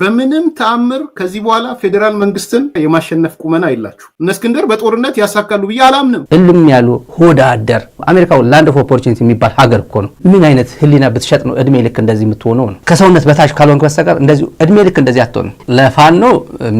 በምንም ተአምር ከዚህ በኋላ ፌዴራል መንግስትን የማሸነፍ ቁመና የላችሁ። እነ እስክንድር በጦርነት ያሳካሉ ብዬ አላምንም። እልም ያሉ ሆዳ አደር አሜሪካ ላንድ ኦፍ ኦፖርቹኒቲ የሚባል ሀገር እኮ ነው። ምን አይነት ህሊና ብትሸጥ ነው እድሜ ልክ እንደዚህ የምትሆነው? ነው ከሰውነት በታች ካልሆንክ በስተቀር እንደዚሁ እድሜ ልክ እንደዚህ አትሆንም። ለፋኖ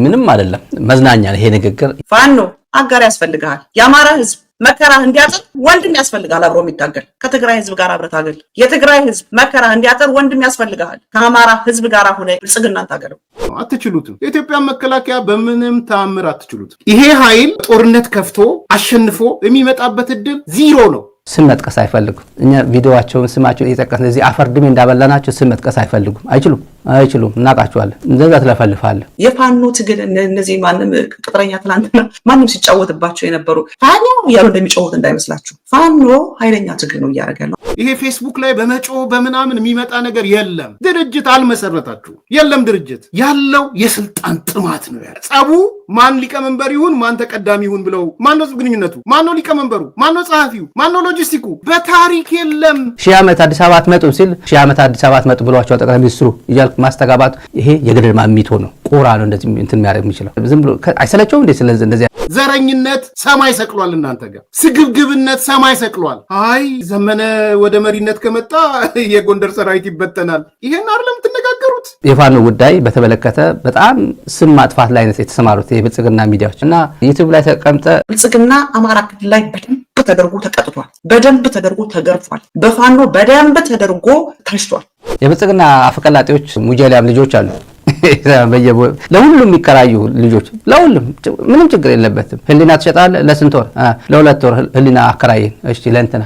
ምንም አይደለም፣ መዝናኛ ይሄ ንግግር። ፋኖ አጋር ያስፈልግሃል። የአማራ ህዝብ መከራ እንዲያጥር ወንድም ያስፈልጋል አብሮ የሚታገል ከትግራይ ህዝብ ጋር አብረ ታገል። የትግራይ ህዝብ መከራ እንዲያጥር ወንድም ያስፈልግሃል። ከአማራ ህዝብ ጋር ሆነ ብልጽግና ታገለው። አትችሉትም። የኢትዮጵያ መከላከያ በምንም ተአምር አትችሉትም። ይሄ ኃይል ጦርነት ከፍቶ አሸንፎ የሚመጣበት እድል ዚሮ ነው። ስም መጥቀስ አይፈልጉም። እኛ ቪዲዮዋቸውን ስማቸውን እየጠቀስን እዚህ አፈርድሜ እንዳበላናቸው ስም መጥቀስ አይፈልጉም፣ አይችሉም። አይችሉም። እናቃቸዋለን። እንደዛ ትለፈልፋለህ። የፋኖ ትግል እነዚህ ማንም ቅጥረኛ ትናንትና ማንም ሲጫወትባቸው የነበሩ ፋኖ እያሉ እንደሚጫወት እንዳይመስላችሁ። ፋኖ ኃይለኛ ትግል ነው እያደረገ ነው። ይሄ ፌስቡክ ላይ በመጮ በምናምን የሚመጣ ነገር የለም። ድርጅት አልመሰረታችሁ የለም። ድርጅት ያለው የስልጣን ጥማት ነው ያለ ጸቡ። ማን ሊቀመንበር ይሁን ማን ተቀዳሚ ይሁን ብለው ማን ነው ግንኙነቱ? ማን ነው ሊቀመንበሩ? ማን ነው ጸሐፊው? ማን ነው ሎጂስቲኩ? በታሪክ የለም። ሺህ ዓመት አዲስ አበባ አትመጡም ሲል ሺህ ዓመት አዲስ አበባ አትመጡ ብሏቸው ጠቅላይ ሚኒስትሩ እያልኩ ማስተጋባቱ ይሄ የገደል ማሚቶ ነው። ቁራ ነው እንደዚህ እንትን የሚያደርግ የሚችለው ዝም ብሎ አይሰለቸውም እንዴ? ስለዚህ እንደዚህ ዘረኝነት ሰማይ ሰቅሏል፣ እናንተ ጋር ስግብግብነት ሰማይ ሰቅሏል። አይ ዘመነ ወደ መሪነት ከመጣ የጎንደር ሰራዊት ይበተናል። ይሄን አይደለም የምትነጋገሩት። የፋኖ ጉዳይ በተመለከተ በጣም ስም ማጥፋት ላይ የተሰማሩት የብልጽግና ሚዲያዎች እና ዩቲዩብ ላይ ተቀምጠ ብልጽግና አማራ ክልል ላይ በደንብ ተደርጎ ተቀጥቷል። በደንብ ተደርጎ ተገርፏል። በፋኖ በደንብ ተደርጎ ተሽቷል። የብልጽግና አፈቀላጤዎች ሙጀሊያም ልጆች አሉ። ለሁሉም የሚከራዩ ልጆች ለሁሉም ምንም ችግር የለበትም። ህሊና ትሸጣል ለስንት ወር? ለሁለት ወር ህሊና አከራይን። እሺ ለእንትና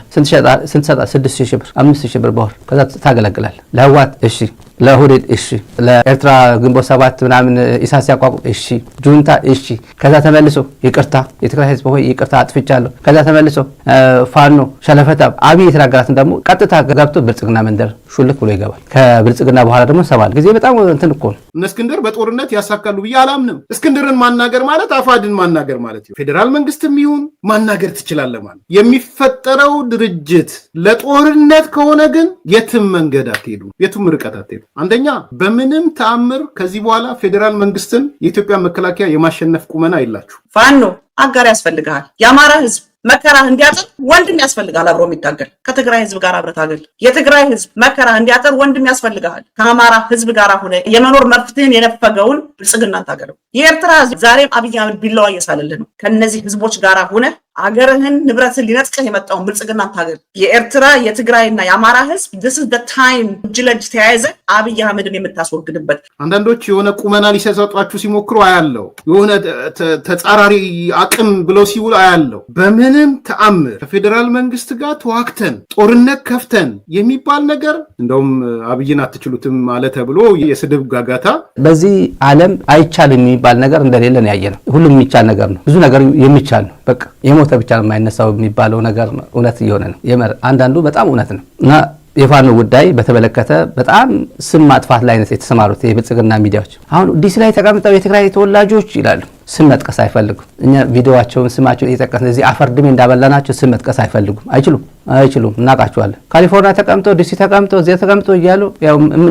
ስንት ስድስት ሺህ ብር፣ አምስት ሺህ ብር በወር ከዛ ታገለግላል ለህዋት እሺ ለሁዴድ እሺ፣ ለኤርትራ ግንቦት ሰባት ምናምን ኢሳ ሲያቋቁም እሺ፣ ጁንታ እሺ። ከዛ ተመልሶ ይቅርታ፣ የትግራይ ህዝብ ሆይ ይቅርታ አጥፍቻለሁ። ከዛ ተመልሶ ፋኖ ሸለፈታ አብይ የተናገራትን ደግሞ ቀጥታ ገብቶ ብልጽግና መንደር ሹልክ ብሎ ይገባል። ከብልጽግና በኋላ ደግሞ ሰባት ጊዜ በጣም እንትን እኮ ነው። እነ እስክንድር በጦርነት ያሳካሉ ብዬ አላምንም። እስክንድርን ማናገር ማለት አፋድን ማናገር ማለት ነው። ፌዴራል መንግስትም ይሁን ማናገር ትችላለህ ማለት የሚፈጠረው ድርጅት ለጦርነት ከሆነ ግን የትም መንገድ አትሄዱ፣ የቱም ርቀት አትሄዱ። አንደኛ በምንም ተአምር ከዚህ በኋላ ፌዴራል መንግስትን የኢትዮጵያ መከላከያ የማሸነፍ ቁመና የላችሁ ፋኖ አጋር ያስፈልግሃል። የአማራ ህዝብ መከራ እንዲያጥር ወንድም ያስፈልጋል አብሮ የሚታገል ከትግራይ ህዝብ ጋር አብረህ ታገል። የትግራይ ህዝብ መከራ እንዲያጥር ወንድም ያስፈልጋል። ከአማራ ህዝብ ጋር ሆነ የመኖር መብትህን የነፈገውን ብልጽግና ታገለው። የኤርትራ ህዝብ ዛሬም አብይ አህመድ ቢላዋ እየሳለልህ ነው። ከነዚህ ህዝቦች ጋር ሆነ አገርህን ንብረትን ሊነጥቅህ የመጣውን ብልጽግና ታገል። የኤርትራ የትግራይና የአማራ ህዝብ ስ ታይም እጅ ለእጅ ተያይዘ አብይ አህመድን የምታስወግድበት። አንዳንዶች የሆነ ቁመና ሊሰጧችሁ ሲሞክሩ አያለው። የሆነ ተጻራሪ አቅም ብለው ሲውል አያለው። በምንም ተአምር ከፌዴራል መንግስት ጋር ተዋክተን ጦርነት ከፍተን የሚባል ነገር እንደውም አብይን አትችሉትም አለ ተብሎ የስድብ ጋጋታ በዚህ ዓለም አይቻልም የሚባል ነገር እንደሌለን ያየ ነው። ሁሉም የሚቻል ነገር ነው። ብዙ ነገር የሚቻል ነው። በቃ ከሞተ ብቻ ነው የማይነሳው የሚባለው ነገር እውነት እየሆነ ነው። የመር አንዳንዱ በጣም እውነት ነው እና የፋኖ ጉዳይ በተመለከተ በጣም ስም ማጥፋት ላይ ነው የተሰማሩት የብልጽግና ሚዲያዎች አሁን ዲሲ ላይ ተቀምጠው የትግራይ ተወላጆች ይላሉ። ስም መጥቀስ አይፈልጉም። እኛ ቪዲዮዋቸውን ስማቸውን እየጠቀስን እዚህ አፈርድሜ እንዳበላናቸው ስም መጥቀስ አይፈልጉም። አይችሉም፣ አይችሉም። እናቃቸዋለን። ካሊፎርኒያ ተቀምጠው፣ ዲሲ ተቀምጠው፣ እዚያ ተቀምጠው እያሉ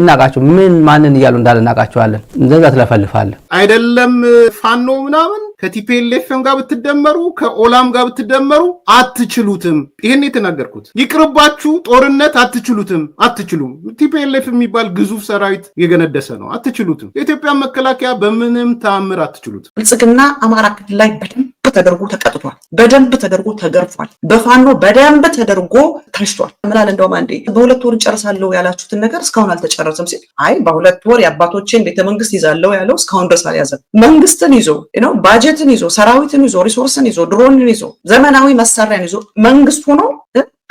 እናቃቸው ምን ማንን እያሉ እንዳለ እናቃቸዋለን። እንደዛ ትለፈልፋለን አይደለም ፋኖ ምናምን ከቲፒኤልኤፍም ጋር ብትደመሩ ከኦላም ጋር ብትደመሩ አትችሉትም። ይህን የተናገርኩት ይቅርባችሁ፣ ጦርነት አትችሉትም፣ አትችሉም። ቲፒኤልኤፍ የሚባል ግዙፍ ሰራዊት የገነደሰ ነው፣ አትችሉትም። የኢትዮጵያ መከላከያ በምንም ተአምር አትችሉትም። ብልጽግና አማራ ክልል ላይ በደንብ ተደርጎ ተቀጥቷል። በደንብ ተደርጎ ተገርፏል። በፋኖ በደንብ ተደርጎ ታሽቷል። ምላል እንደውም አንዴ በሁለት ወር ጨርሳለሁ ያላችሁትን ነገር እስካሁን አልተጨረሰም ሲል አይ በሁለት ወር የአባቶችን ቤተመንግስት ይዛለው ያለው እስካሁን ድረስ አልያዘም። መንግስትን ይዞ ነው ባጀትን ይዞ ሰራዊትን ይዞ ሪሶርስን ይዞ ድሮንን ይዞ ዘመናዊ መሳሪያን ይዞ መንግስት ሆኖ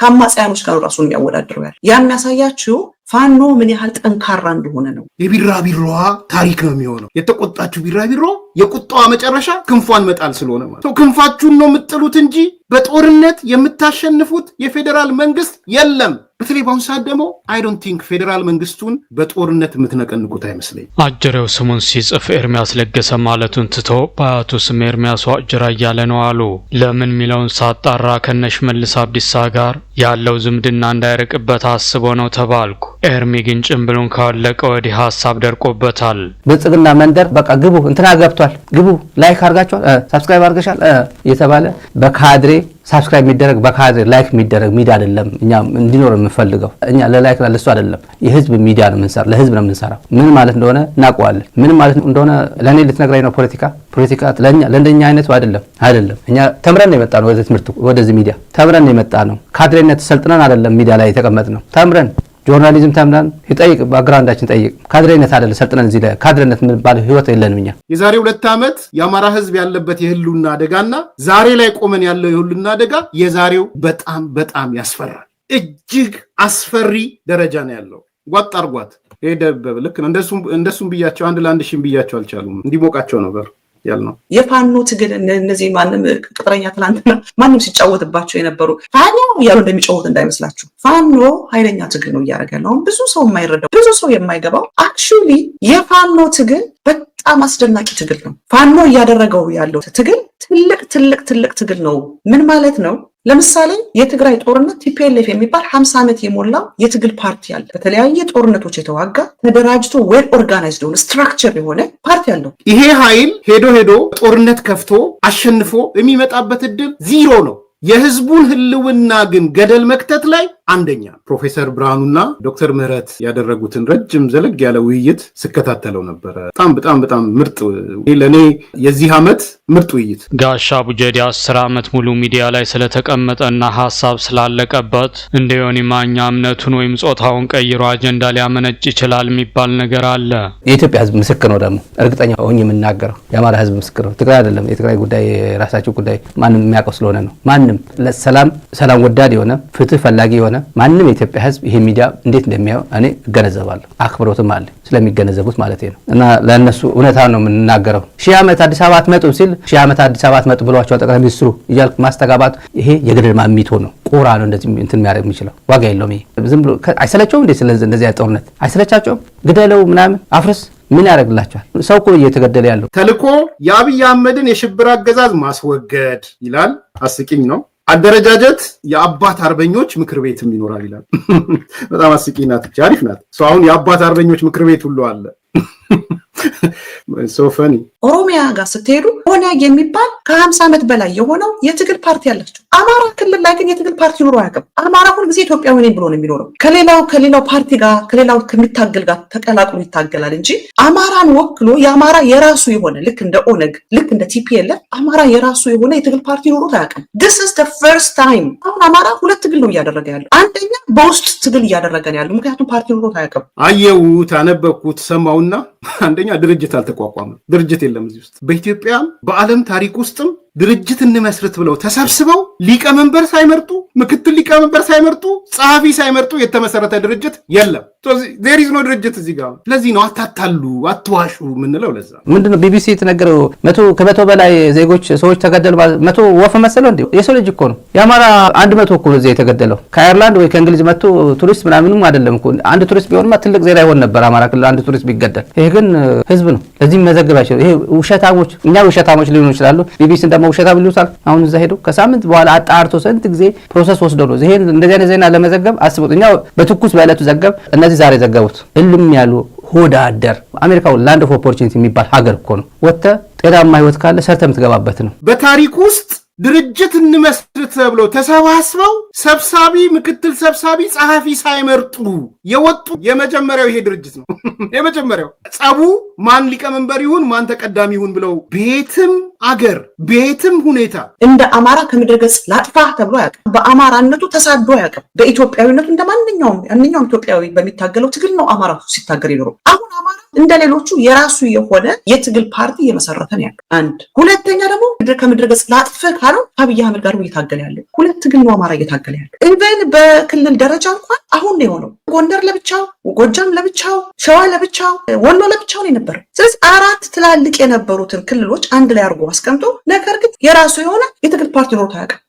ከአማጽያኖች ጋር ራሱን የሚያወዳድረው ያለ ያ የሚያሳያችው ፋኖ ምን ያህል ጠንካራ እንደሆነ ነው። የቢራቢሮዋ ታሪክ ነው የሚሆነው። የተቆጣችው ቢራቢሮ የቁጣዋ መጨረሻ ክንፏን መጣል ስለሆነ ማለት ክንፋችሁን ነው የምጥሉት እንጂ በጦርነት የምታሸንፉት የፌዴራል መንግስት የለም። በተለይ በአሁኑ ሰዓት ደግሞ አይ ዶንት ቲንክ ፌዴራል መንግስቱን በጦርነት የምትነቀንቁት አይመስለኝ። አጀሬው ስሙን ሲጽፍ ኤርሚያስ ለገሰ ማለቱን ትቶ በአያቱ ስም ኤርሚያሱ አጅራ እያለ ነው አሉ። ለምን ሚለውን ሳጣራ ከነሽ መልስ አብዲሳ ጋር ያለው ዝምድና እንዳይርቅበት አስቦ ነው ተባልኩ። ኤርሚ ግን ጭምብሉን ካወለቀ ወዲህ ሀሳብ ደርቆበታል። ብልጽግና መንደር በቃ ግቡ፣ እንትና ገብቷል፣ ግቡ፣ ላይክ አርጋችኋል፣ ሳብስክራይብ አርገሻል እየተባለ በካድሬ ሳብስክራይብ የሚደረግ በካድሬ ላይክ የሚደረግ ሚዲያ አይደለም። እኛ እንዲኖር የምንፈልገው እኛ ለላይክ ለሱ አይደለም፣ የህዝብ ሚዲያ ነው ምንሰራ፣ ለህዝብ ነው የምንሰራው። ምን ማለት እንደሆነ እናውቀዋለን። ምን ማለት እንደሆነ ለእኔ ልትነግረኝ ነው። ፖለቲካ ፖለቲካ ለእንደኛ አይነቱ አይደለም፣ አይደለም። እኛ ተምረን ነው የመጣ ነው ወደዚህ ሚዲያ ተምረን ነው የመጣ ነው። ካድሬነት ሰልጥነን አይደለም ሚዲያ ላይ የተቀመጥ ነው ተምረን ጆርናሊዝም ተምናን ይጠይቅ ባግራውንዳችን ጠይቅ። ካድሬነት አደለ ሰልጥነን እዚህ ካድሬነት ህይወት የለንም እኛ። የዛሬ ሁለት ዓመት የአማራ ህዝብ ያለበት የህልውና አደጋና ዛሬ ላይ ቆመን ያለው የህልውና አደጋ የዛሬው በጣም በጣም ያስፈራል። እጅግ አስፈሪ ደረጃ ነው ያለው። ጓጥ አርጓት ሄደ። ልክ እንደሱም ብያቸው አንድ ለአንድ ሺም ብያቸው አልቻሉም። እንዲሞቃቸው ነበር። ያል ነው የፋኖ ትግል። እነዚህ ማንም ቅጥረኛ ትናንትና ማንም ሲጫወትባቸው የነበሩ ፋኖ እያሉ እንደሚጫወት እንዳይመስላችሁ። ፋኖ ኃይለኛ ትግል ነው እያደረገ ያለው። ብዙ ሰው የማይረዳው ብዙ ሰው የማይገባው አክቹሊ የፋኖ ትግል በጣም አስደናቂ ትግል ነው። ፋኖ እያደረገው ያለው ትግል ትልቅ ትልቅ ትልቅ ትግል ነው። ምን ማለት ነው? ለምሳሌ የትግራይ ጦርነት ቲፒኤልኤፍ የሚባል 50 ዓመት የሞላው የትግል ፓርቲ አለ። በተለያየ ጦርነቶች የተዋጋ ተደራጅቶ ዌል ኦርጋናይዝድ የሆነ ስትራክቸር የሆነ ፓርቲ አለው። ይሄ ኃይል ሄዶ ሄዶ ጦርነት ከፍቶ አሸንፎ የሚመጣበት እድል ዚሮ ነው። የህዝቡን ህልውና ግን ገደል መክተት ላይ አንደኛ ፕሮፌሰር ብርሃኑና ዶክተር ምህረት ያደረጉትን ረጅም ዘለግ ያለ ውይይት ስከታተለው ነበረ። በጣም በጣም በጣም ምርጥ ለእኔ የዚህ ዓመት ምርጥ ውይይት። ጋሻ ቡጀዲ አስር ዓመት ሙሉ ሚዲያ ላይ ስለተቀመጠና ሀሳብ ስላለቀበት እንደ ዮኒ ማኛ እምነቱን ወይም ጾታውን ቀይሮ አጀንዳ ሊያመነጭ ይችላል የሚባል ነገር አለ። የኢትዮጵያ ሕዝብ ምስክር ነው። ደግሞ እርግጠኛ ሆኜ የምናገረው የአማራ ሕዝብ ምስክር ነው። ትግራይ አይደለም። የትግራይ ጉዳይ የራሳቸው ጉዳይ ማንም የሚያውቀው ስለሆነ ነው። ማንም ለሰላም ሰላም ወዳድ የሆነ ፍትህ ፈላጊ የሆነ ማንም የኢትዮጵያ ህዝብ ይሄ ሚዲያ እንዴት እንደሚያየው እኔ እገነዘባለሁ። አክብሮትም አለ ስለሚገነዘቡት ማለት ነው። እና ለእነሱ እውነታ ነው የምንናገረው። ሺህ ዓመት አዲስ አበባ አትመጡም ሲል ሺህ ዓመት አዲስ አበባ አትመጡ ብሏቸዋል ጠቅላይ ሚኒስትሩ እያልክ ማስተጋባት ይሄ የገደል ማሚቶ ነው። ቁራ ነው እንደዚህ እንትን የሚያደርግ የሚችለው ዋጋ የለውም። ይሄ ዝም ብሎ አይሰለቸውም እንዴ? ስለዚህ እንደዚህ ጦርነት አይሰለቻቸውም? ግደለው ምናምን አፍርስ ምን ያደርግላቸዋል? ሰው እኮ እየተገደለ ያለው። ተልኮ የአብይ አህመድን የሽብር አገዛዝ ማስወገድ ይላል። አስቂኝ ነው። አደረጃጀት የአባት አርበኞች ምክር ቤትም ይኖራል ይላል። በጣም አስቂ ናት፣ አሪፍ ናት። አሁን የአባት አርበኞች ምክር ቤት ሁሉ አለ። ሶፈኒ ኦሮሚያ ጋር ስትሄዱ ኦነግ የሚባል ከሀምሳ ዓመት በላይ የሆነው የትግል ፓርቲ አላቸው። አማራ ክልል ላይ ግን የትግል ፓርቲ ኑሮ አያውቅም። አማራ ሁልጊዜ ኢትዮጵያዊ ነኝ ብሎ ነው የሚኖረው። ከሌላው ከሌላው ፓርቲ ጋር ከሌላው ከሚታገል ጋር ተቀላቅሎ ይታገላል እንጂ አማራን ወክሎ የአማራ የራሱ የሆነ ልክ እንደ ኦነግ ልክ እንደ ቲፒኤልኤፍ አማራ የራሱ የሆነ የትግል ፓርቲ ኑሮ አያውቅም። ዲስ ኢዝ ዘ ፈርስት ታይም። አሁን አማራ ሁለት ትግል ነው እያደረገ ያለው። አንደኛ በውስጥ ትግል እያደረገ ነው ያለው፣ ምክንያቱም ፓርቲ ኑሮ አያውቅም። አየሁት፣ አነበብኩት፣ ሰማውና አንደኛ ድርጅት አልተቋቋመም። ድርጅት የለም እዚህ ውስጥ በኢትዮጵያም በዓለም ታሪክ ውስጥም ድርጅት እንመስርት ብለው ተሰብስበው ሊቀመንበር ሳይመርጡ ምክትል ሊቀመንበር ሳይመርጡ ጸሐፊ ሳይመርጡ የተመሰረተ ድርጅት የለም። ዜር ኢዝ ኖ ድርጅት እዚህ ጋር። ስለዚህ ነው አታታሉ፣ አትዋሹ የምንለው። ለዛ ምንድን ነው ቢቢሲ የተነገረው መቶ ከመቶ በላይ ዜጎች ሰዎች ተገደሉ። መቶ ወፍ መሰለው እንዲ የሰው ልጅ እኮ ነው። የአማራ አንድ መቶ እኮ እዚህ የተገደለው ከአየርላንድ ወይ ከእንግሊዝ መቶ ቱሪስት ምናምንም አይደለም እኮ። አንድ ቱሪስት ቢሆንማ ትልቅ ዜና ይሆን ነበር አማራ ክልል አንድ ቱሪስት ቢገደል። ይሄ ግን ህዝብ ነው። ለዚህ መዘግባቸው ይሄ ውሸታሞች፣ እኛ ውሸታሞች ሊሆኑ ይችላሉ ቢቢሲ ደግሞ ውሸታ ብሉታል። አሁን እዛ ሄዶ ከሳምንት በኋላ አጣርቶ ስንት ጊዜ ፕሮሰስ ወስዶ ነው ይሄን እንደዚህ ዜና ለመዘገብ አስቡት። እኛ በትኩስ በእለቱ ዘገብ፣ እነዚህ ዛሬ ዘገቡት። እልም ያሉ ሆዳ አደር አሜሪካ ላንድ ኦፍ ኦፖርቹኒቲ የሚባል ሀገር እኮ ነው። ወጥተህ ጤናማ ህይወት ካለ ሰርተ የምትገባበት ነው በታሪክ ውስጥ ድርጅት እንመስርት ተብለው ተሰባስበው ሰብሳቢ፣ ምክትል ሰብሳቢ፣ ጸሐፊ ሳይመርጡ የወጡ የመጀመሪያው ይሄ ድርጅት ነው። የመጀመሪያው ጸቡ ማን ሊቀመንበር ይሁን ማን ተቀዳሚ ይሁን ብለው ቤትም አገር ቤትም ሁኔታ እንደ አማራ ከምድረ ገጽ ላጥፋ ተብሎ አያውቅም። በአማራነቱ ተሳዶ አያውቅም። በኢትዮጵያዊነቱ እንደ ማንኛውም ማንኛውም ኢትዮጵያዊ በሚታገለው ትግል ነው አማራ ሲታገር ይኖሩ። አሁን አማራ እንደ ሌሎቹ የራሱ የሆነ የትግል ፓርቲ እየመሰረተ ነው አንድ ሁለተኛ ደግሞ ከምድረ ላጥፈ ነው ከአብይ አህመድ ጋር እየታገለ ያለ። ሁለት ግን ነው አማራ እየታገለ ያለ። ኢቨን በክልል ደረጃ እንኳን አሁን ነው የሆነው። ጎንደር ለብቻው፣ ጎጃም ለብቻው፣ ሸዋ ለብቻው፣ ወሎ ለብቻው ነው የነበረው። ስለዚህ አራት ትላልቅ የነበሩትን ክልሎች አንድ ላይ አድርጎ አስቀምጦ ነገር ግን የራሱ የሆነ የትግል ፓርቲ ኖሮት አያውቅም።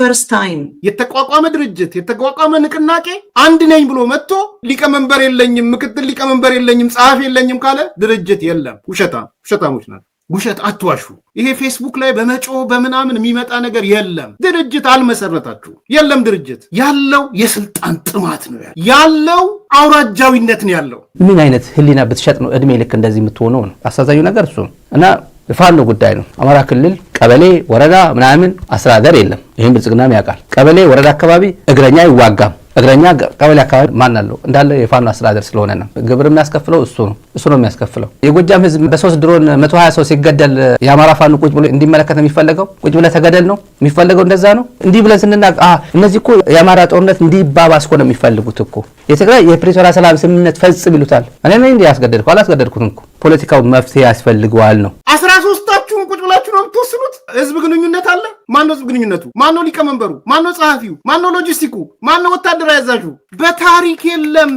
ፈርስት ታይም የተቋቋመ ድርጅት የተቋቋመ ንቅናቄ አንድ ነኝ ብሎ መጥቶ ሊቀመንበር የለኝም፣ ምክትል ሊቀመንበር የለኝም፣ ጸሐፊ የለኝም ካለ ድርጅት የለም። ውሸታም ውሸታሞች ናቸው። ውሸት አትዋሹ። ይሄ ፌስቡክ ላይ በመጮ በምናምን የሚመጣ ነገር የለም። ድርጅት አልመሰረታችሁ የለም። ድርጅት ያለው የስልጣን ጥማት ነው ያለው፣ አውራጃዊነት ነው ያለው። ምን አይነት ህሊና ብትሸጥ ነው እድሜ ልክ እንደዚህ የምትሆነው? ነው አሳዛኙ ነገር እሱ እና የፋኖ ጉዳይ ነው። አማራ ክልል ቀበሌ፣ ወረዳ ምናምን አስተዳደር የለም። ይህም ብልጽግናም ያውቃል። ቀበሌ፣ ወረዳ አካባቢ እግረኛ አይዋጋም። እግረኛ ቀበሌ አካባቢ ማን አለው እንዳለ የፋኖ አስተዳደር ስለሆነ ነው። ግብር የሚያስከፍለው እሱ ነው እሱ ነው የሚያስከፍለው። የጎጃም ህዝብ በሶስት ድሮን መቶ ሀያ ሰው ሲገደል የአማራ ፋኖ ቁጭ ብሎ እንዲመለከት ነው የሚፈለገው። ቁጭ ብለ ተገደል ነው የሚፈለገው። እንደዛ ነው እንዲህ ብለን ስንናቅ እነዚህ እኮ የአማራ ጦርነት እንዲባባስ እኮ ነው የሚፈልጉት እኮ የትግራይ የፕሪቶሪያ ሰላም ስምምነት ፈጽም ይሉታል። እኔ ነ እንዲ ያስገደድኩ አላስገደልኩትም እኮ ፖለቲካው መፍትሄ ያስፈልገዋል ነው አስራ ሶስታችሁን ቁጭ ብላችሁ ነው የምትወስኑት። ህዝብ ግንኙነት አለ። ማነው ህዝብ ግንኙነቱ? ማነው ሊቀመንበሩ? ማነው ጸሐፊው? ማነው ሎጂስቲኩ? ማነው ወታደር ያዛዡ? በታሪክ የለም።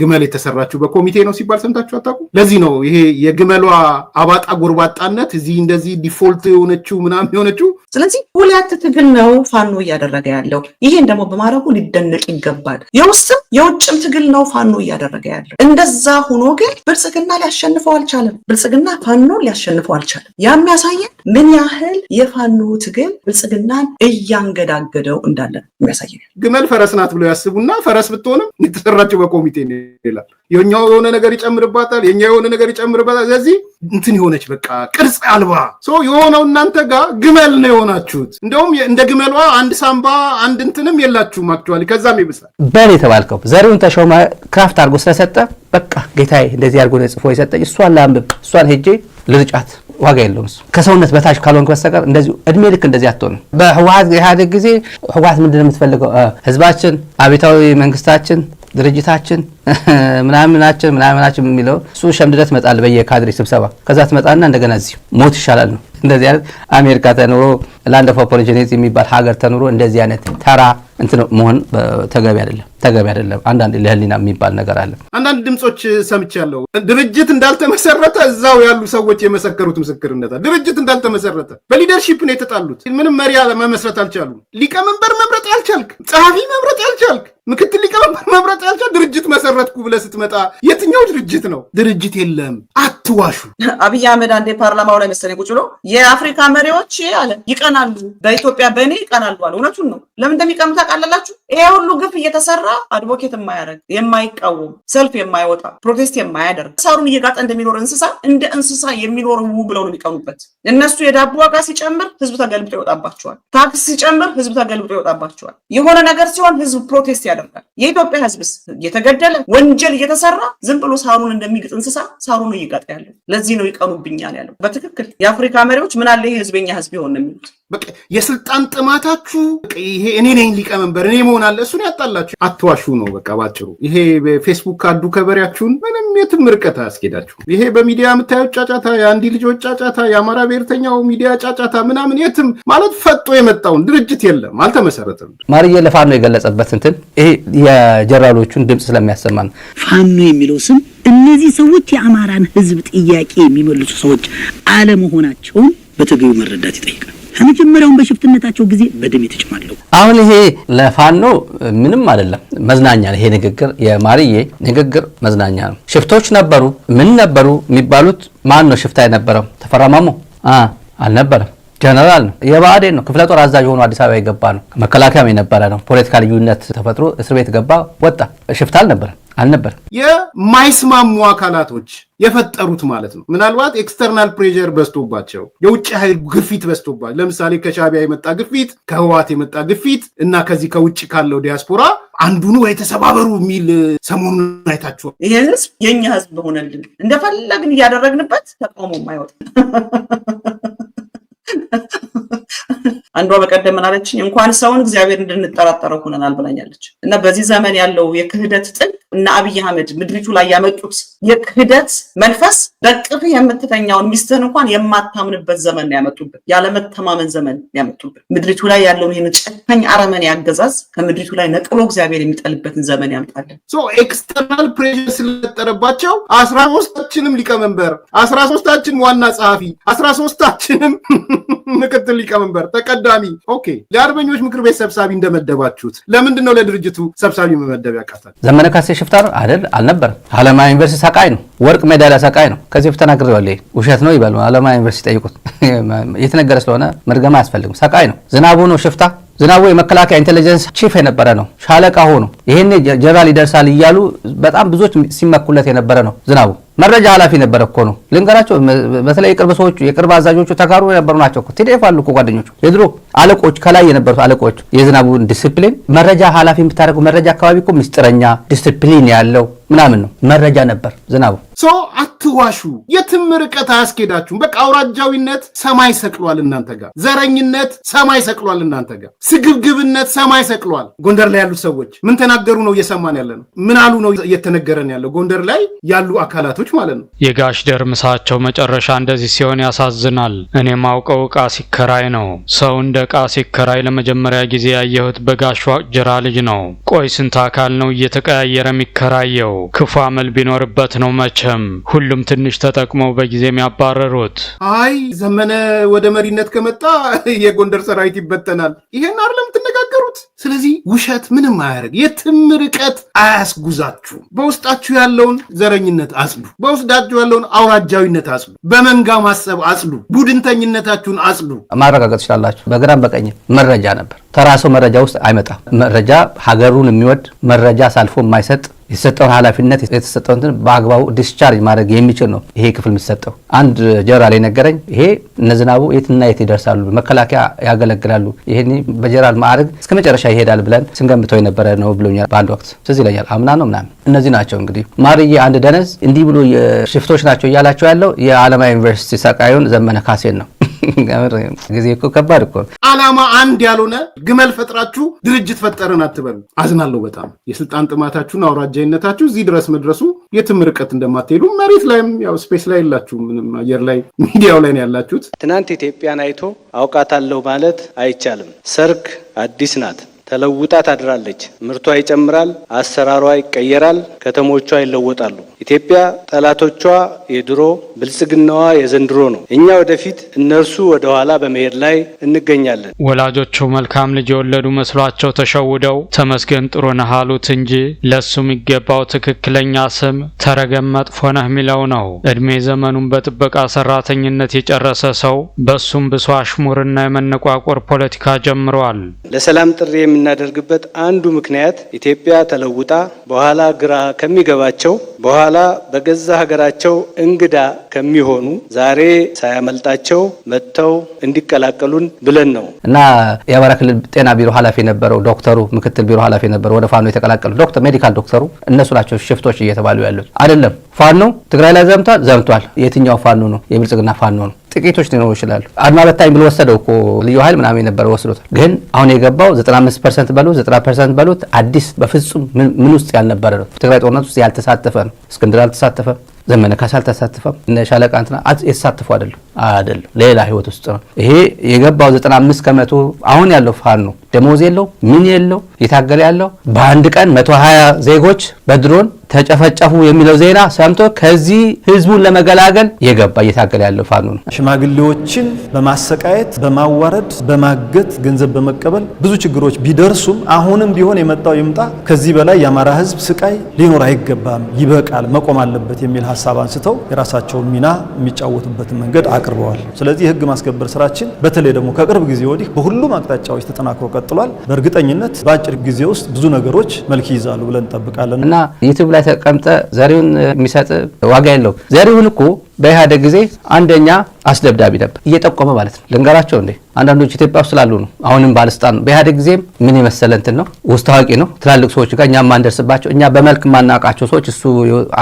ግመል የተሰራችው በኮሚቴ ነው ሲባል ሰምታችሁ አታውቁ? ለዚህ ነው ይሄ የግመሏ አባጣ ጎርባጣነት እዚህ እንደዚህ ዲፎልት የሆነችው ምናምን የሆነችው። ስለዚህ ሁለት ትግል ነው ፋኖ እያደረገ ያለው። ይሄን ደግሞ በማድረጉ ሊደነቅ ይገባል። የውስጥም የውጭም ትግል ነው ፋኖ እያደረገ ያለው። እንደዛ ሆኖ ግን ብልጽግና ሊያሸንፈው አልቻለም። ብልጽግና ፋኖ ሊያሸንፈው አልቻለም። ያ የሚያሳየን ምን ያህል የፋኖ ትግል ብልጽግናን እያንገዳገደው እንዳለ የሚያሳየን። ግመል ፈረስ ናት ብለው ያስቡና ፈረስ ብትሆንም የተሰራችው በኮሚቴ ይላል። የኛው የሆነ ነገር ይጨምርባታል፣ የኛ የሆነ ነገር ይጨምርባታል። ስለዚህ እንትን የሆነች በቃ ቅርጽ አልባ ሰው የሆነው እናንተ ጋር ግመል ነው የሆናችሁት። እንደውም እንደ ግመሏ አንድ ሳምባ አንድ እንትንም የላችሁም። አክቹዋሊ ከዛም ይብሳል። በል የተባልከው ዘሪሁን ተሾመ ክራፍት አድርጎ ስለሰጠ በቃ ጌታዬ እንደዚህ አድርጎ ጽፎ የሰጠኝ እሷን ላንብብ፣ እሷን ሄጄ ልርጫት ዋጋ የለውም። እሱ ከሰውነት በታች ካልሆንክ በስተቀር እንደዚሁ እድሜ ልክ እንደዚህ አትሆንም። በህወሀት ኢህአዴግ ጊዜ ህወሀት ምንድን ነው የምትፈልገው? ህዝባችን፣ አቤታዊ መንግስታችን ድርጅታችን ምናምናችን ምናምናችን የሚለው እሱ ሸምድደህ ትመጣለህ በየካድሬ ስብሰባ። ከዛ ትመጣና እንደገና እዚሁ ሞት ይሻላል ነው። እንደዚህ አይነት አሜሪካ ተኑሮ ላንድ ኦፍ ኦፖርቹኒቲ የሚባል ሀገር ተኑሮ እንደዚህ አይነት ተራ እንትን መሆን ተገቢ አይደለም። ተገቢ አይደለም። አንዳንድ ለህሊና የሚባል ነገር አለ። አንዳንድ ድምፆች ሰምቻለሁ። ድርጅት እንዳልተመሰረተ እዛው ያሉ ሰዎች የመሰከሩት ምስክርነት ድርጅት እንዳልተመሰረተ በሊደርሺፕ ነው የተጣሉት። ምንም መሪ መመስረት አልቻሉም። ሊቀመንበር መምረጥ ያልቻልክ፣ ጸሐፊ መምረጥ ያልቻልክ፣ ምክትል ሊቀመንበር መምረጥ ያልቻል ድርጅት መሰረትኩ ብለህ ስትመጣ የትኛው ድርጅት ነው? ድርጅት የለም። አትዋሹ። አብይ አህመድ አንዴ ፓርላማው ላይ መሰለኝ ቁጭ ብሎ የአፍሪካ መሪዎች አለ ይቀናሉ፣ በኢትዮጵያ በእኔ ይቀናሉ አለ። እውነቱን ነው። ለምን እንደሚቀኑ ታውቃላችሁ? ይሄ ሁሉ ግፍ እየተሰራ የሚሰራ አድቮኬት የማያደርግ የማይቃወም ሰልፍ የማይወጣ ፕሮቴስት የማያደርግ ሳሩን እየጋጠ እንደሚኖር እንስሳ እንደ እንስሳ የሚኖር ው ብለው ነው የሚቀኑበት። እነሱ የዳቦ ዋጋ ሲጨምር ህዝብ ተገልብጦ ይወጣባቸዋል። ታክስ ሲጨምር ህዝብ ተገልብጦ ይወጣባቸዋል። የሆነ ነገር ሲሆን ህዝብ ፕሮቴስት ያደርጋል። የኢትዮጵያ ህዝብስ እየተገደለ ወንጀል እየተሰራ ዝም ብሎ ሳሩን እንደሚግጥ እንስሳ ሳሩን እየጋጠ ያለ ለዚህ ነው ይቀኑብኛል ያለው። በትክክል የአፍሪካ መሪዎች ምን አለ ይሄ ህዝበኛ ህዝብ ይሆን ነው የሚሉት። የስልጣን ጥማታችሁ ይሄ እኔ ነኝ ሊቀመንበር እኔ መሆን አለ እሱን ያጣላችሁ አትዋሹ ነው በቃ ባጭሩ። ይሄ ፌስቡክ አዱ ከበሬያችሁን ምንም የትም ርቀት አያስኬዳችሁ። ይሄ በሚዲያ የምታዩት ጫጫታ፣ የአንዲ ልጆች ጫጫታ፣ የአማራ ብሔርተኛው ሚዲያ ጫጫታ ምናምን የትም ማለት ፈጦ የመጣውን ድርጅት የለም አልተመሰረተም። ማርዬ ለፋኖ የገለጸበት እንትን ይሄ የጀራሎቹን ድምፅ ስለሚያሰማ ነው ፋኖ የሚለው ስም እነዚህ ሰዎች የአማራን ህዝብ ጥያቄ የሚመልሱ ሰዎች አለመሆናቸውን በተገቢው መረዳት ይጠይቃል። ከመጀመሪያውን በሽፍትነታቸው ጊዜ በደም የተጨማለቁ። አሁን ይሄ ለፋኖ ምንም አይደለም፣ መዝናኛ ነው። ይሄ ንግግር የማርዬ ንግግር መዝናኛ ነው። ሽፍቶች ነበሩ ምን ነበሩ የሚባሉት ማን ነው? ሽፍታ የነበረው ተፈራ ማሞ አልነበረም። ጀነራል ነው። የባዴን ነው። ክፍለ ጦር አዛዥ ሆኖ አዲስ አበባ የገባ ነው። መከላከያም የነበረ ነው። ፖለቲካ ልዩነት ተፈጥሮ እስር ቤት ገባ፣ ወጣ። ሽፍታ አልነበረም። አልነበርም። የማይስማሙ አካላቶች የፈጠሩት ማለት ነው። ምናልባት ኤክስተርናል ፕሬዠር በዝቶባቸው የውጭ ኃይል ግፊት በዝቶባቸው፣ ለምሳሌ ከሻቢያ የመጣ ግፊት፣ ከህወሓት የመጣ ግፊት እና ከዚህ ከውጭ ካለው ዲያስፖራ አንዱኑ ወይ ተሰባበሩ የሚል ሰሞኑን አይታችኋል። ይህ ህዝብ የኛ ህዝብ በሆነልን እንደፈለግን እያደረግንበት ተቃውሞ አይወጣም። አንዷ በቀደም ምን አለችኝ? እንኳን ሰውን እግዚአብሔር እንድንጠራጠረው ሆነናል ብላኛለች። እና በዚህ ዘመን ያለው የክህደት ጥል እና አብይ አህመድ ምድሪቱ ላይ ያመጡት የክህደት መንፈስ በቅፍህ የምትተኛውን ሚስትህን እንኳን የማታምንበት ዘመን ያመጡብን፣ ያለመተማመን ዘመን ያመጡብን። ምድሪቱ ላይ ያለውን ይህን ጨካኝ አረመን አገዛዝ ከምድሪቱ ላይ ነቅሎ እግዚአብሔር የሚጠልበትን ዘመን ያምጣለን። ኤክስተርናል ፕሬሽር ስለጠረባቸው አስራ ሶስታችንም ሊቀመንበር አስራ ሶስታችን ዋና ጸሐፊ አስራ ሶስታችንም ምክትል ሊቀመንበር ተቀደ በድጋሚ ኦኬ፣ ለአርበኞች ምክር ቤት ሰብሳቢ እንደመደባችሁት ለምንድን ነው ለድርጅቱ ሰብሳቢ መመደብ ያቃታል? ዘመነ ካሴ ሽፍታ ነው አይደል? አልነበረም። አለማ ዩኒቨርሲቲ ሰቃይ ነው፣ ወርቅ ሜዳሊያ ሰቃይ ነው። ከዚህ በፊት ውሸት ነው ይበሉ፣ አለማ ዩኒቨርሲቲ ጠይቁት። የተነገረ ስለሆነ መድገም አያስፈልግም። ሰቃይ ነው፣ ዝናቡ ነው ሽፍታ ዝናቡ የመከላከያ ኢንቴሊጀንስ ቺፍ የነበረ ነው። ሻለቃ ሆኖ ይህን ጀነራል ይደርሳል እያሉ በጣም ብዙዎች ሲመኩለት የነበረ ነው ዝናቡ። መረጃ ኃላፊ ነበር እኮ ነው ልንገራቸው። በተለይ የቅርብ ሰዎቹ የቅርብ አዛዦቹ ተጋሩ የነበሩ ናቸው እኮ ቲዲኤፍ አሉ እኮ ጓደኞቹ፣ የድሮ አለቆች፣ ከላይ የነበሩት አለቆች የዝናቡን ዲስፕሊን መረጃ ኃላፊ የምታደርገው መረጃ አካባቢ እኮ ምስጢረኛ ዲስፕሊን ያለው ምናምን ነው መረጃ ነበር ዝናቡ። ሶ አትዋሹ፣ የትም ርቀት አያስኬዳችሁም። በቃ አውራጃዊነት ሰማይ ሰቅሏል እናንተ ጋር፣ ዘረኝነት ሰማይ ሰቅሏል እናንተ ጋር፣ ስግብግብነት ሰማይ ሰቅሏል። ጎንደር ላይ ያሉት ሰዎች ምን ተናገሩ ነው እየሰማን ያለ ነው? ምን አሉ ነው እየተነገረን ያለው? ጎንደር ላይ ያሉ አካላቶች ማለት ነው። የጋሽ ደርምሳቸው መጨረሻ እንደዚህ ሲሆን ያሳዝናል። እኔ ማውቀው ቃ ሲከራይ ነው። ሰው እንደ ቃ ሲከራይ ለመጀመሪያ ጊዜ ያየሁት በጋሽ ጅራ ልጅ ነው። ቆይ ስንት አካል ነው እየተቀያየረ የሚከራየው? ክፉ አመል ቢኖርበት ነው መቼም ሁሉም ትንሽ ተጠቅመው በጊዜ የሚያባረሩት። አይ ዘመነ ወደ መሪነት ከመጣ የጎንደር ሰራዊት ይበተናል። ይሄን አይደለም የምትነጋገሩት። ስለዚህ ውሸት ምንም አያደርግ፣ የትም ርቀት አያስጉዛችሁ። በውስጣችሁ ያለውን ዘረኝነት አጽዱ፣ በውስጣችሁ ያለውን አውራጃዊነት አጽዱ፣ በመንጋ ማሰብ አጽዱ፣ ቡድንተኝነታችሁን አጽዱ። ማረጋገጥ ትችላላችሁ። በግራም በቀኝ መረጃ ነበር። ተራ ሰው መረጃ ውስጥ አይመጣም። መረጃ ሀገሩን የሚወድ መረጃ አሳልፎ የማይሰጥ የተሰጠውን ኃላፊነት የተሰጠውን በአግባቡ ዲስቻርጅ ማድረግ የሚችል ነው ይሄ ክፍል የሚሰጠው። አንድ ጀነራል የነገረኝ ይሄ እነ ዝናቡ የትና የት ይደርሳሉ፣ መከላከያ ያገለግላሉ፣ ይህ በጀነራል ማዕረግ እስከ መጨረሻ ይሄዳል ብለን ስንገምተው የነበረ ነው ብሎኛል። በአንድ ወቅት ትዝ ይለኛል፣ አምና ነው ምናምን። እነዚህ ናቸው እንግዲህ ማርዬ አንድ ደነዝ እንዲህ ብሎ ሽፍቶች ናቸው እያላቸው ያለው የአለማ ዩኒቨርሲቲ ሰቃዩን ዘመነ ካሴን ነው። ጊዜ እኮ ከባድ እኮ አላማ አንድ ያልሆነ ግመል ፈጥራችሁ ድርጅት ፈጠርን አትበሉ። አዝናለሁ በጣም የስልጣን ጥማታችሁን አውራጃይነታችሁ እዚህ ድረስ መድረሱ የትም ርቀት እንደማትሄዱ መሬት ላይም ያው ስፔስ ላይ የላችሁ ምንም አየር ላይ ሚዲያው ላይ ነው ያላችሁት። ትናንት ኢትዮጵያን አይቶ አውቃታለሁ ማለት አይቻልም። ሰርክ አዲስ ናት። ተለውጣ ታድራለች። ምርቷ ይጨምራል፣ አሰራሯ ይቀየራል፣ ከተሞቿ ይለወጣሉ። ኢትዮጵያ ጠላቶቿ የድሮ ብልጽግናዋ የዘንድሮ ነው። እኛ ወደፊት እነርሱ ወደ ኋላ በመሄድ ላይ እንገኛለን። ወላጆቹ መልካም ልጅ የወለዱ መስሏቸው ተሸውደው ተመስገን ጥሩ አሉት እንጂ ለሱ የሚገባው ትክክለኛ ስም ተረገም መጥፎ ነህ የሚለው ነው። እድሜ ዘመኑን በጥበቃ ሰራተኝነት የጨረሰ ሰው በሱም ብሶ አሽሙርና የመነቋቆር ፖለቲካ ጀምሯል። ለሰላም ጥሪ የምናደርግበት አንዱ ምክንያት ኢትዮጵያ ተለውጣ በኋላ ግራ ከሚገባቸው በኋላ በገዛ ሀገራቸው እንግዳ ከሚሆኑ ዛሬ ሳያመልጣቸው መጥተው እንዲቀላቀሉን ብለን ነው እና የአማራ ክልል ጤና ቢሮ ኃላፊ የነበረው ዶክተሩ ምክትል ቢሮ ኃላፊ የነበረው ወደ ፋኖ የተቀላቀሉ ዶክተር ሜዲካል ዶክተሩ እነሱ ናቸው ሽፍቶች እየተባሉ ያሉት አይደለም። ፋኖ ትግራይ ላይ ዘምቷል ዘምቷል። የትኛው ፋኖ ነው? የብልጽግና ፋኖ ነው። ጥቂቶች ሊኖሩ ይችላሉ። አድማ በታኝ ብሎ ወሰደው እኮ ልዩ ኃይል ምናምን የነበረው ወስዶታል። ግን አሁን የገባው 95 ፐርሰንት በሉት 90 ፐርሰንት በሉት አዲስ በፍጹም ምን ውስጥ ያልነበረ ነው። ትግራይ ጦርነት ውስጥ ያልተሳተፈ ነው። እስክንድር አልተሳተፈም፣ ዘመነ ካሳ አልተሳተፈም፣ እነ ሻለቃ እንትና የተሳተፉ አይደለም አይደለም፣ ሌላ ህይወት ውስጥ ነው ይሄ የገባው 95 ከመቶ አሁን ያለው ፋኖ ነው። ደሞዝ የለው ምን የለው እየታገለ ያለው በአንድ ቀን 120 ዜጎች በድሮን ተጨፈጨፉ የሚለው ዜና ሰምቶ ከዚህ ህዝቡን ለመገላገል የገባ እየታገለ ያለው ፋኖ ነው። ሽማግሌዎችን በማሰቃየት በማዋረድ በማገት ገንዘብ በመቀበል ብዙ ችግሮች ቢደርሱም አሁንም ቢሆን የመጣው ይምጣ፣ ከዚህ በላይ የአማራ ህዝብ ስቃይ ሊኖር አይገባም፣ ይበቃል፣ መቆም አለበት የሚል ሀሳብ አንስተው የራሳቸውን ሚና የሚጫወቱበትን መንገድ አቅርበዋል። ስለዚህ የህግ ማስከበር ስራችን በተለይ ደግሞ ከቅርብ ጊዜ ወዲህ በሁሉም አቅጣጫዎች ተጠናክሮ ቀጥሏል። በእርግጠኝነት በአጭር ጊዜ ውስጥ ብዙ ነገሮች መልክ ይይዛሉ ብለን እንጠብቃለን እና ላይ ተቀምጠ ዘሪሁን የሚሰጥ ዋጋ የለው። ዘሪውን እኮ በኢህአዴግ ጊዜ አንደኛ አስደብዳቢ ነበር፣ እየጠቆመ ማለት ነው። ልንገራቸው እንዴ አንዳንዶች ኢትዮጵያ ውስጥ ስላሉ ነው። አሁንም ባለስልጣን ነው። በኢህአዴግ ጊዜም ምን የመሰለ እንትን ነው፣ ውስጥ ታዋቂ ነው። ትላልቅ ሰዎች ጋር እኛ ማንደርስባቸው እኛ በመልክ ማናውቃቸው ሰዎች፣ እሱ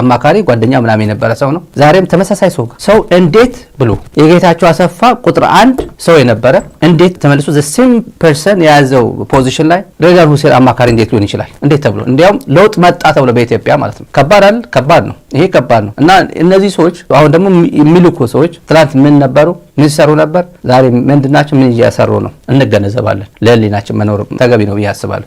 አማካሪ ጓደኛ ምናምን የነበረ ሰው ነው። ዛሬም ተመሳሳይ ሰው ጋር ሰው እንዴት ብሎ የጌታቸው አሰፋ ቁጥር አንድ ሰው የነበረ እንዴት ተመልሶ ዘሴም ፐርሰን የያዘው ፖዚሽን ላይ ሬዳር ሁሴን አማካሪ እንዴት ሊሆን ይችላል? እንዴት ተብሎ እንዲያውም ለውጥ መጣ ተብሎ በኢትዮጵያ ማለት ነው። ከባድ አይደል? ከባድ ነው። ይሄ ከባድ ነው። እና እነዚህ ሰዎች አሁን ደግሞ የሚልኩ ሰዎች ትላንት ምን ምን ነበሩ? ምን ሲሰሩ ነበር? ዛሬ ምንድናቸው? ምን እያሰሩ ነው? እንገነዘባለን። ለህሊናችን መኖር ተገቢ ነው ብዬ አስባለሁ።